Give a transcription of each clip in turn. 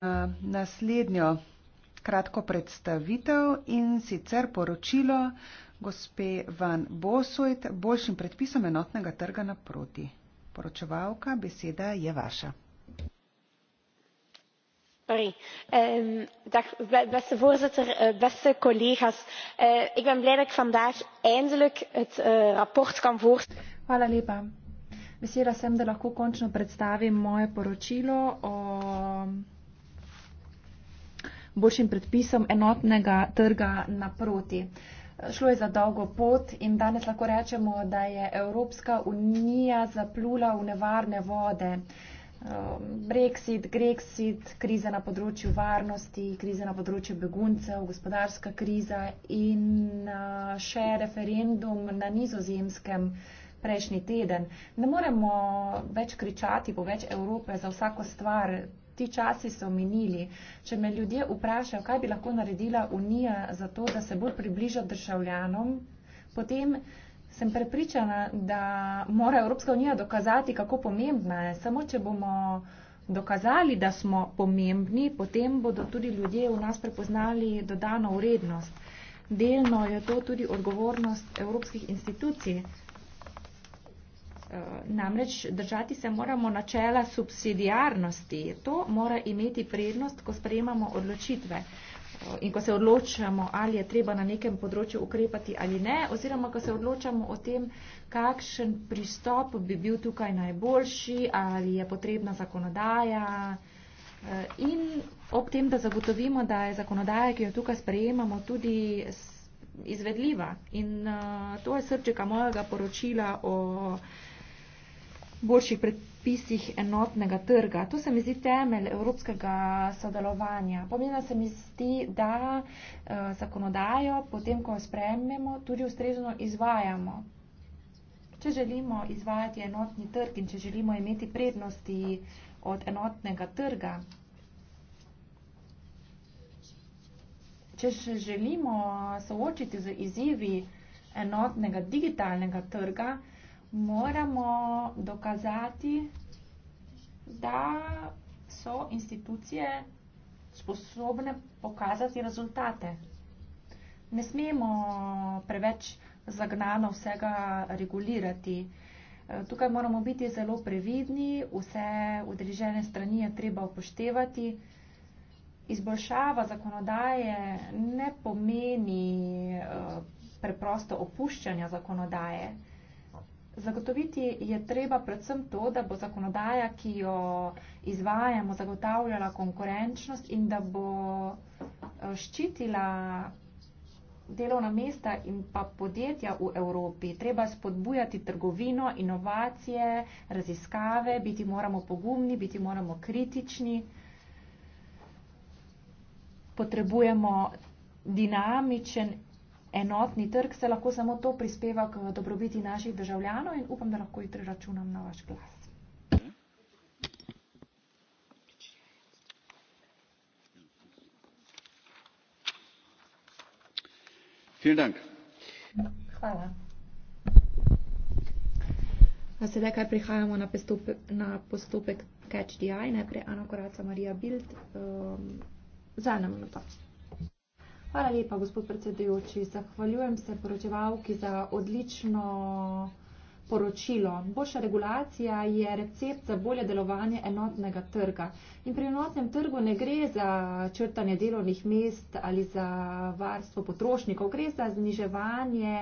Eh, naslednjo kratko predstavitev in sicer poročilo gospe Van Bosojt boljšim predpisom enotnega trga naproti. Poročevalka, beseda je vaša. Sorry. Um, dag, beste voorzitter, eh, beste collega's. Uh, ik ben blij dat ik vandaag eindelijk het uh, rapport kan voorstellen. Hvala lepa. Vesela sem, da lahko končno predstavim moje poročilo o boljšim predpisom enotnega trga naproti. Šlo je za dolgo pot in danes lahko rečemo, da je Evropska unija zaplula v nevarne vode. Um, Brexit, Grexit, krize na področju varnosti, krize na področju beguncev, gospodarska kriza in uh, še referendum na nizozemskem prejšnji teden. Ne moremo več kričati po več Evrope za vsako stvar, ti časi so minili. Če me ljudje vprašajo, kaj bi lahko naredila Unija za to, da se bolj približa državljanom, potem sem prepričana, da mora Evropska unija dokazati, kako pomembna je. Samo, če bomo dokazali, da smo pomembni, potem bodo tudi ljudje v nas prepoznali dodano vrednost. Delno je to tudi odgovornost evropskih institucij, Eh, namreč držati se moramo načela subsidiarnosti. To mora imeti prednost, ko sprejemamo odločitve eh, in ko se odločamo, ali je treba na nekem področju ukrepati ali ne, oziroma ko se odločamo o tem, kakšen pristop bi bil tukaj najboljši, ali je potrebna zakonodaja. Eh, in ob tem, da zagotovimo, da je zakonodaja, ki jo tukaj sprejemamo, tudi izvedljiva. In to je srčika mojega poročila o boljših predpisih enotnega trga. To se mi zdi temelj evropskega sodelovanja. Pomembno se mi zdi, da eh, zakonodajo potem, ko jo sprememo, tudi ustrezno izvajamo. Če želimo izvajati enotni trg in če želimo imeti prednosti od enotnega trga, če še želimo soočiti z izzivi enotnega digitalnega trga, moramo dokazati, da so institucije sposobne pokazati rezultate. Ne smemo preveč zagnano vsega regulirati. Tukaj moramo biti zelo previdni, vse udeležene strani je treba upoštevati. Izboljšava zakonodaje ne pomeni eh, preprosto opuščanja zakonodaje. Zagotoviti je treba predvsem to, da bo zakonodaja, ki jo izvajamo, zagotavljala konkurenčnost in da bo eh, ščitila delovna mesta in pa podjetja v Evropi. Treba spodbujati trgovino, inovacije, raziskave, biti moramo pogumni, biti moramo kritični. Potrebujemo dinamičen enotni trg, se lahko samo to prispeva k dobrobiti naših državljanov in upam, da lahko jutri računam na vaš glas. Hvala. A sedaj, kaj prihajamo na, pestupe, na postopek Catch the Eye, najprej Ana Koraca, Marija Bild, um, za eno minuto. Hvala lepa, gospod predsedujoči. Zahvaljujem se poročevalki za odlično poročilo. Boljša regulacija je recept za bolje delovanje enotnega trga. In pri enotnem trgu ne gre za črtanje delovnih mest ali za varstvo potrošnikov, gre za zniževanje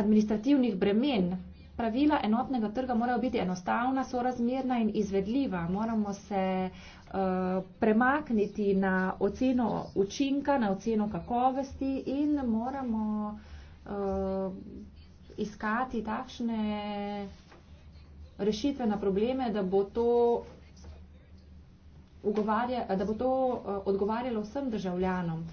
administrativnih bremen pravila enotnega trga morajo biti enostavna, sorazmerna in izvedljiva. Moramo se uh, premakniti na oceno učinka, na oceno kakovosti in moramo uh, iskati takšne rešitve na probleme, da bo to, ugovarja, da bo to uh, odgovarjalo vsem državljanom. Uh,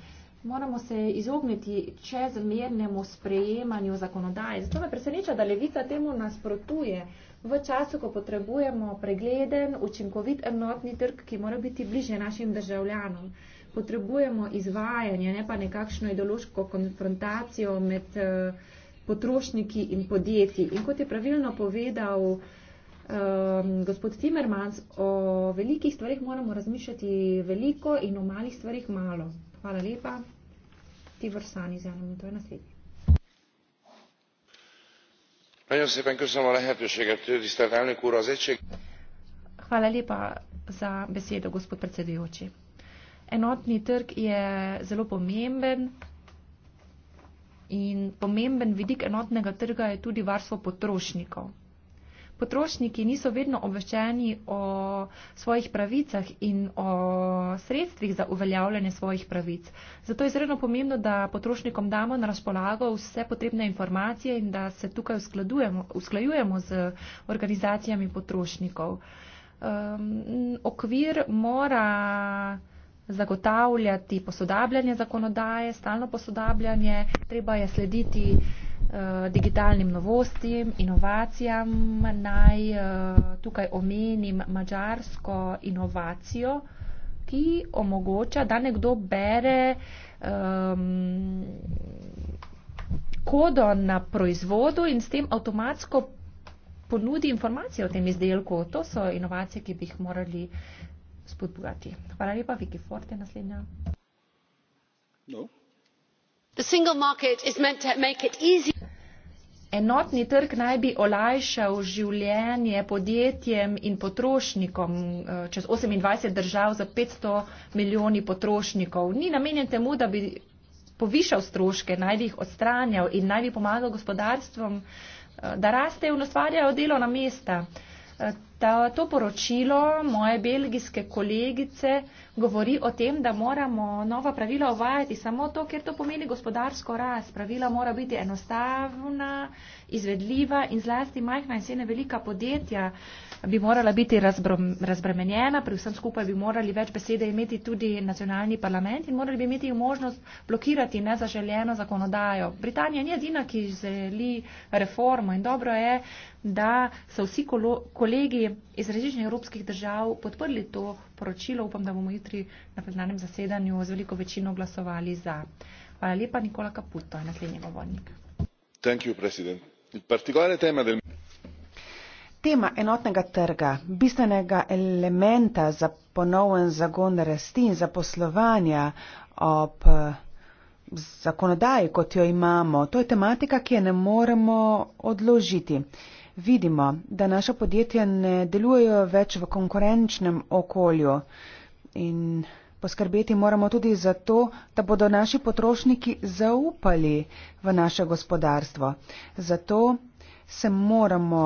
Moramo se izogniti če zmernemu sprejemanju zakonodaje. Zato me preseneča, da levica temu nasprotuje. V času, ko potrebujemo pregleden, učinkovit enotni trg, ki mora biti bliže našim državljanom, potrebujemo izvajanje, ne pa nekakšno ideološko konfrontacijo med eh, potrošniki in podjetji. In kot je pravilno povedal um, gospod Timmermans, o velikih stvarih moramo razmišljati veliko in o malih stvarih malo. Hvala lepa. Ti vrsani za eno minuto je naslednji. Nagyon szépen köszönöm a lehetőséget, tisztelt elnök úr, az egység. Hvala lepa za besedo, gospod predsedujoči. Enotni trg je zelo pomemben in pomemben vidik enotnega trga je tudi varstvo potrošnikov potrošniki niso vedno obveščeni o svojih pravicah in o sredstvih za uveljavljanje svojih pravic. Zato je izredno pomembno, da potrošnikom damo na razpolago vse potrebne informacije in da se tukaj usklajujemo z organizacijami potrošnikov. Um, okvir mora zagotavljati posodabljanje zakonodaje, stalno posodabljanje, treba je slediti. Eh, digitalnim novostim, inovacijam. Naj eh, tukaj omenim mačarsko inovacijo, ki omogoča, da nekdo bere um, kodo na proizvodu in s tem avtomatsko ponudi informacije o tem izdelku. To so inovacije, ki bi jih morali spodbujati. Hvala lepa, Viki Forte, naslednja. No enotni trg naj bi olajšal življenje podjetjem in potrošnikom eh, čez osemindvajset držav za petsto milijoni potrošnikov ni namenjen temu da bi povišal stroške naj bi jih odstranjal in naj bi pomagal gospodarstvom eh, da rastejo in ustvarjajo delovna mesta eh, ta to poročilo moje belgijske kolegice govori o tem, da moramo nova pravila uvajati samo to, ker to pomeni gospodarsko rast. Pravila mora biti enostavna, izvedljiva in zlasti majhna in sene velika podjetja bi morala biti razbremenjena, pri vsem skupaj bi morali več besede imeti tudi nacionalni parlament in morali bi imeti možnost blokirati nezaželjeno zakonodajo. Britanija ni edina, ki želi reformo in dobro je, da so vsi kolegi iz različnih evropskih držav podprli to poročilo. Upam, da bomo jutri na plenarnem zasedanju z veliko večino glasovali za. Hvala lepa, Nikola Kaputo je naslednji govornik. Tema enotnega trga, bistvenega elementa za ponoven zagon rasti in zaposlovanja ob eh, zakonodaji, kot jo imamo, to je tematika, ki je ne moremo odložiti vidimo, da naša podjetja ne delujejo več v konkurenčnem okolju. In poskrbeti moramo tudi za to, da bodo naši potrošniki zaupali v naše gospodarstvo. Zato se moramo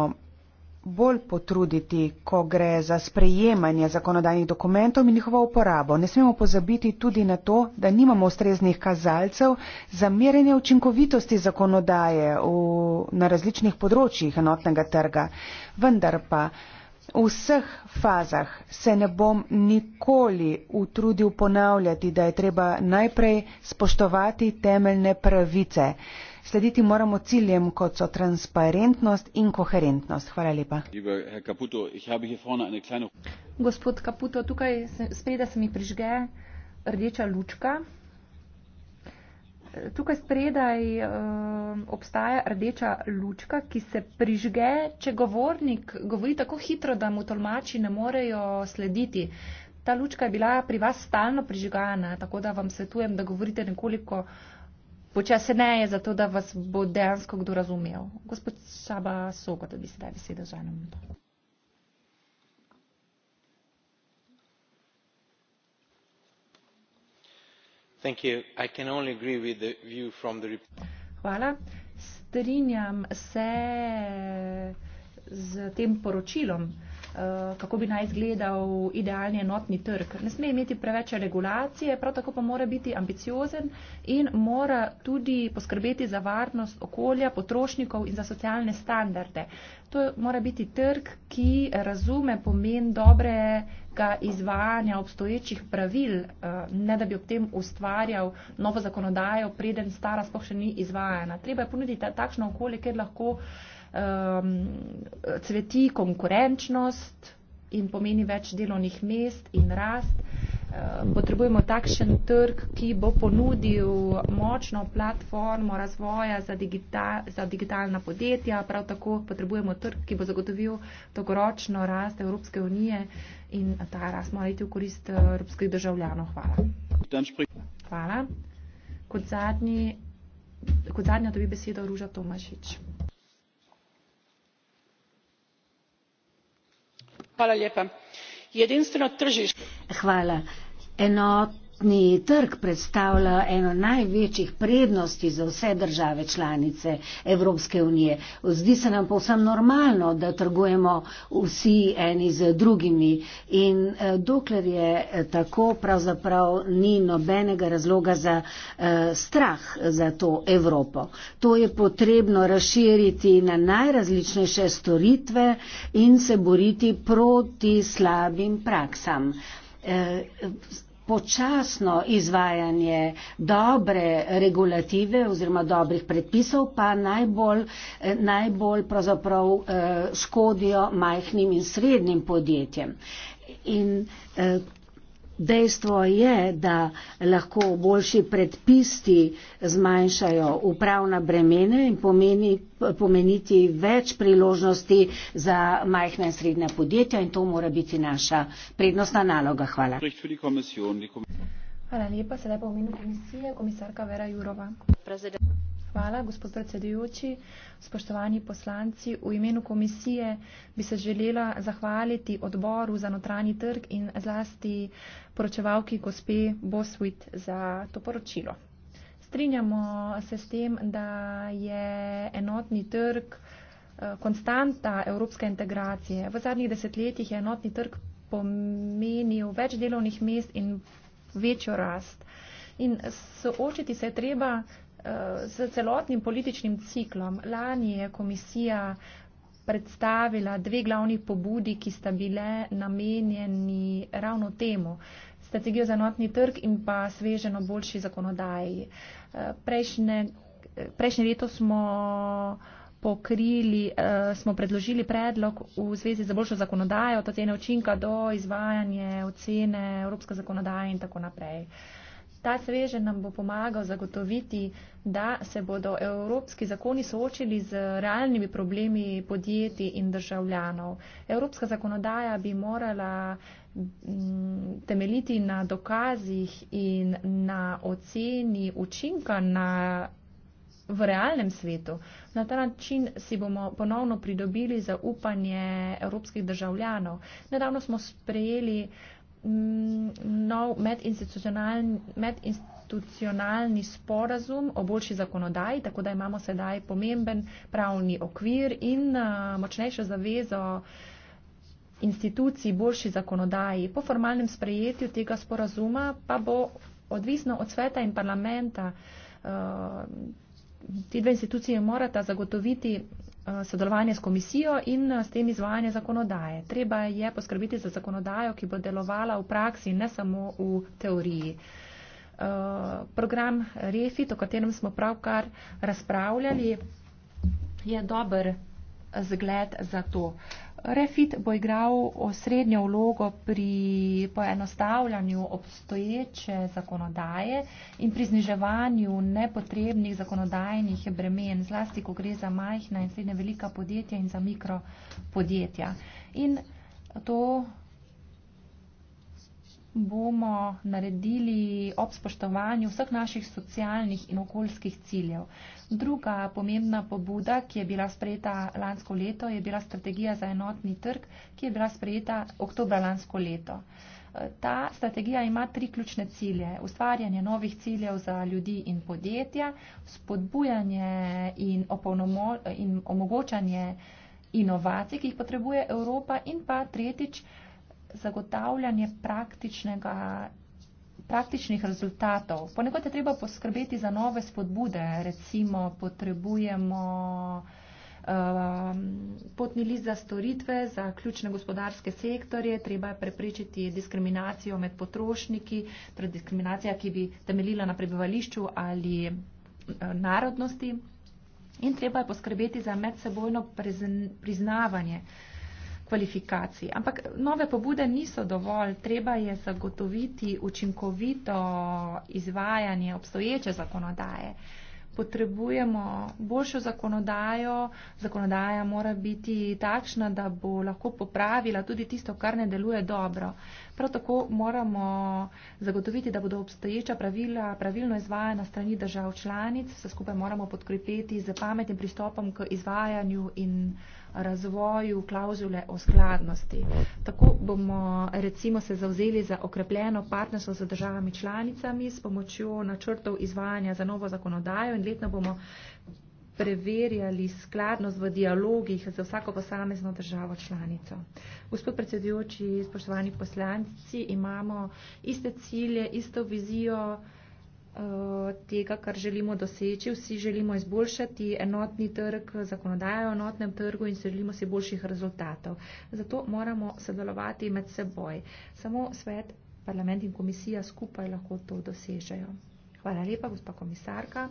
bolj potruditi, ko gre za sprejemanje zakonodajnih dokumentov in njihovo uporabo. Ne smemo pozabiti tudi na to, da nimamo ustreznih kazalcev za merjenje učinkovitosti zakonodaje v, na različnih področjih enotnega trga. Vendar pa v vseh fazah se ne bom nikoli utrudil ponavljati, da je treba najprej spoštovati temeljne pravice slediti moramo ciljem, kot so transparentnost in koherentnost. Hvala lepa. Gospod Kaputo, tukaj spreda se mi prižge rdeča lučka. Tukaj spredaj uh, obstaja rdeča lučka, ki se prižge, če govornik govori tako hitro, da mu tolmači ne morejo slediti. Ta lučka je bila pri vas stalno prižgana, tako da vam svetujem, da govorite nekoliko uh, počasneje je zato, da vas bo dejansko kdo razumel. Gospod Šaba Soko, da bi sedaj besedo ženom. Thank you. I can only agree with the view from the Hvala. Strinjam se z tem poročilom. Uh, Eh, kako bi naj izgledal idealni enotni trg. Ne sme imeti preveč regulacije, prav tako pa mora biti ambiciozen in mora tudi poskrbeti za varnost okolja, potrošnikov in za socialne standarde. To mora biti trg, ki razume pomen dobrega izvajanja obstoječih pravil, eh, ne da bi ob tem ustvarjal novo zakonodajo, preden stara sploh še ni izvajana. Treba je ponuditi takšno okolje, kjer lahko uh, um, cveti konkurenčnost in pomeni več delovnih mest in rast. Um, potrebujemo takšen trg, ki bo ponudil močno platformo razvoja za, digital, za digitalna podjetja. Prav tako potrebujemo trg, ki bo zagotovil dolgoročno rast Evropske unije in ta rast mora iti v korist uh, evropskih državljanov. Hvala. Hvala. Kot zadnja dobi besedo Ruža Tomašič. jedinstveno tržište. Valutni trg predstavlja eno največjih prednosti za vse države članice Evropske unije. Zdi se nam povsem normalno, da trgujemo vsi eni z drugimi in eh, dokler je eh, tako, pravzaprav ni nobenega razloga za eh, strah za to Evropo. To je potrebno razširiti na najrazličnejše storitve in se boriti proti slabim praksam. Eh, počasno izvajanje dobre regulative oziroma dobrih predpisov pa najbolj, eh, najbolj pravzaprav eh, škodijo majhnim in srednjim podjetjem. In eh, Dejstvo je, da lahko boljši predpisti zmanjšajo upravna bremena in pomeni, pomeniti več priložnosti za majhna in srednja podjetja in to mora biti naša prednostna naloga. Hvala. Hvala lepa. Sedaj pa v imenu komisije komisarka Vera Jurova. Prezident. Hvala, gospod predsedujoči. Spoštovani poslanci, v imenu komisije bi se želela zahvaliti odboru za notranji trg in zlasti poročevalki gospe Boswit za to poročilo. Strinjamo se s tem, da je enotni trg eh, konstanta evropske integracije. V zadnjih desetletjih je enotni trg pomenil več delovnih mest in večjo rast. In soočiti se je treba z celotnim političnim ciklom. Lani je komisija predstavila dve glavni pobudi, ki sta bile namenjeni ravno temu strategijo za notni trg in pa sveženo boljši zakonodaji. Eh, prejšnje, eh, prejšnje leto smo pokrili, eh, smo predložili predlog v zvezi za boljšo zakonodajo, od ocene učinka do izvajanje ocene evropske zakonodaje in tako naprej. Ta sveže nam bo pomagal zagotoviti, da se bodo evropski zakoni soočili z realnimi problemi podjetij in državljanov. Evropska zakonodaja bi morala mm, temeljiti na dokazih in na oceni učinka na, v realnem svetu. Na ta način si bomo ponovno pridobili zaupanje evropskih državljanov. Nedavno smo sprejeli uh, Mm, nov medinstitucionalni, medinstitucionalni sporazum o boljši zakonodaji, tako da imamo sedaj pomemben pravni okvir in uh, močnejšo zavezo institucij boljši zakonodaji. Po formalnem sprejetju tega sporazuma pa bo odvisno od sveta in parlamenta. Uh, ti dve institucije morata zagotoviti Eh, sodelovanje s komisijo in eh, s tem izvajanje zakonodaje. Treba je poskrbiti za zakonodajo, ki bo delovala v praksi, ne samo v teoriji. Eh, program REFIT, o katerem smo pravkar razpravljali, je dober zgled za to. Uh, Refit bo igral osrednjo vlogo pri poenostavljanju obstoječe zakonodaje in pri zniževanju nepotrebnih zakonodajnih bremen, zlasti, ko gre za majhna in srednja velika podjetja in za mikropodjetja. In to bomo naredili ob spoštovanju vseh naših socialnih in okoljskih ciljev. Druga pomembna pobuda, ki je bila sprejeta lansko leto, je bila strategija za enotni trg, ki je bila sprejeta oktobra lansko leto. Ta strategija ima tri ključne cilje. Ustvarjanje novih ciljev za ljudi in podjetja, spodbujanje in, in omogočanje inovacij, ki jih potrebuje Evropa in pa tretjič, zagotavljanje praktičnega, praktičnih rezultatov. Ponekod je treba poskrbeti za nove spodbude, recimo potrebujemo eh, potni list za storitve, za ključne gospodarske sektorje, treba je preprečiti diskriminacijo med potrošniki, torej diskriminacija, ki bi temeljila na prebivališču ali eh, narodnosti in treba je poskrbeti za medsebojno priznavanje kvalifikacij. Ampak nove pobude niso dovolj, treba je zagotoviti učinkovito izvajanje obstoječe zakonodaje. Potrebujemo boljšo zakonodajo, zakonodaja mora biti takšna, da bo lahko popravila tudi tisto, kar ne deluje dobro. Prav tako moramo zagotoviti, da bodo obstoječa pravila pravilno izvajana strani držav članic. Vse skupaj moramo podkrepiti z pametnim pristopom k izvajanju in razvoju klauzule o skladnosti. Tako bomo recimo se zavzeli za okrepljeno partnerstvo z državami članicami s pomočjo načrtov izvajanja za novo zakonodajo in letno bomo preverjali skladnost v dialogih za vsako posamezno državo članico. Gospod predsedujoči, spoštovani poslanci, imamo iste cilje, isto vizijo eh, tega, kar želimo doseči. Vsi želimo izboljšati enotni trg, zakonodajo o enotnem trgu in želimo si boljših rezultatov. Zato moramo sodelovati med seboj. Samo svet, parlament in komisija skupaj lahko to dosežejo. Hvala lepa, gospod komisarka.